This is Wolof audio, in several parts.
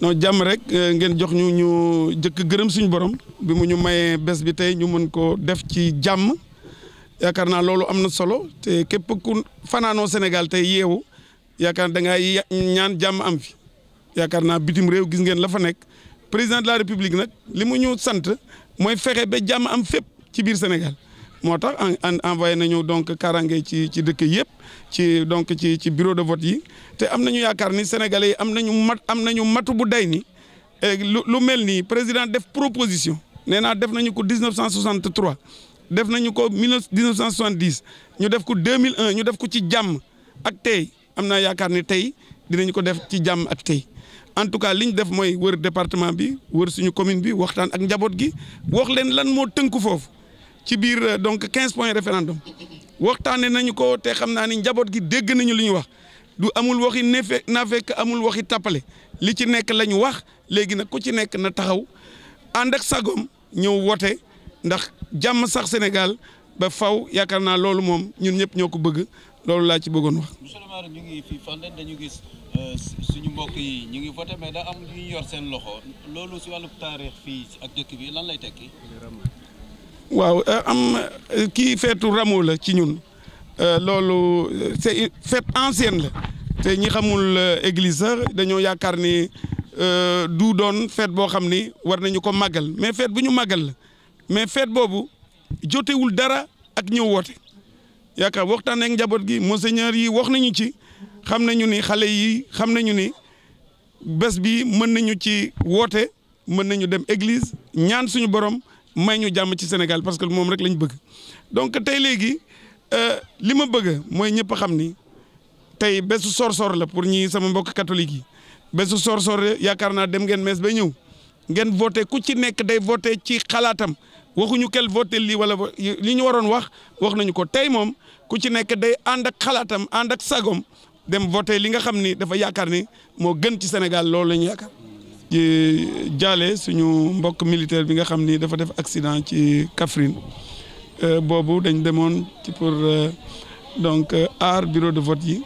non jàmm rek euh, ngeen jox ñu ñu jëkk gërëm suñu borom bi mu ñu mayee bés bi tey ñu mën ko def ci jàmm yaakaar naa loolu am na solo te képp ku fanaanoo Sénégal tey yeewu yaakaar da ngay ñaan jàmm am fi yaakaar naa bitim réew gis ngeen la fa nekk président de la république nag li mu ñu sant mooy fexe ba jàmm am fépp ci biir Sénégal moo tax en envoyé nañu donc kaaraange ci ci dëkk yëpp ci donc ci ci bureau de vote yi te am nañu yaakaar ni sénégalais yi am nañu mat am nañu matu bu day ni lu lu mel nii président def proposition nee naa def nañu ko 1963 def nañu ko 1970 ñu def ko 2001 ñu def ko ci jàmm ak tey am na yaakaar ni tey dinañ ko def ci jàmm ak tey en tout cas li ñu def mooy wër département bi wër suñu commune bi waxtaan ak njaboot gi wax leen lan moo tënku foofu. ci biir euh, donc quinze points référendum waxtaane nañu ko te xam naa ni njaboot gi dégg nañu lu ñu wax du amul waxi nefe na fekk amul waxi tàppale li ci nekk lañu wax léegi nag ku ci nekk na taxaw ànd ak sagom ñëw wote ndax jàmm sax Sénégal ba faw yaakaar naa loolu moom ñun ñëpp ñoo ko bëgg loolu laa ci bëggoon wax. monsieur ñu ngi fii Fandène dañu gis euh, suñu mbokk yi ñu ngi voté mais daa am ñu yor seen loxo loolu si wàllu taarix fii ak dëkk bi lan lay tekki. waaw euh, am euh, kii feetu rameau la ci ñun euh, loolu c'est fête ancienne la te ñi xamul église sax dañoo yaakaar ni du doon feet boo xam ni war nañu ko màggal mais fête bu ñu màggal la mais fête boobu jotewul dara ak ñëw woote yaakaar waxtaan njaboot gi monseigneur yi wax nañu ci xam nañu ni xale yi xam nañu ni bés bi mën nañu ci woote mën nañu dem église ñaan suñu borom may ñu jàmm ci Sénégal parce que moom rek lañ bëgg donc tey léegi euh, li ma bëgg mooy ñëpp xam ni tey bésu sor-sor la pour ñi sama mbokk catholique yi bésu sor-sor yaakaar naa dem ngeen mees ba ñëw ngeen voté ku ci nekk day voté ci xalaatam waxuñu kel voté lii wala li ñu waroon wax wax nañu ko tey moom ku ci nekk day ànd ak xalaatam ànd ak sagoom dem voté li nga xam ni dafa yaakaar ni moo gën ci Sénégal loolu lañu ñu jaale suñu mbokk militaire bi nga xam ni dafa def accident ci Kaffrine euh, boobu dañ demoon ci pour euh, donc euh, aar bureau de vote yi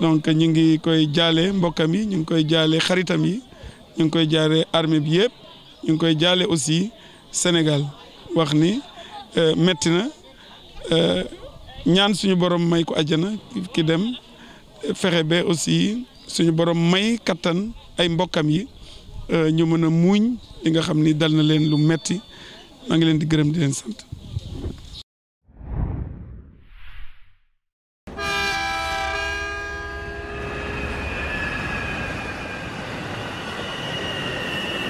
donc ñu ngi koy jaale mbokkam yi ñu ngi koy jaale xaritam yi ñu ngi koy jaale armée bi yëpp ñu ngi koy jaale aussi Sénégal wax ni metti na ñaan suñu borom may ko àjjana ki dem fexe ba aussi suñu borom may kattan ay mbokkam yi ñu mën a muuñ li nga xam ni dal na leen lu metti maa ngi leen di gërëm di leen sant.